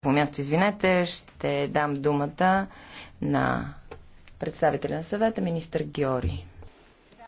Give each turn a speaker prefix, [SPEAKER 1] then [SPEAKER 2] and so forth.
[SPEAKER 1] по място, извинете, ще дам думата на представителя на съвета, министър Георги.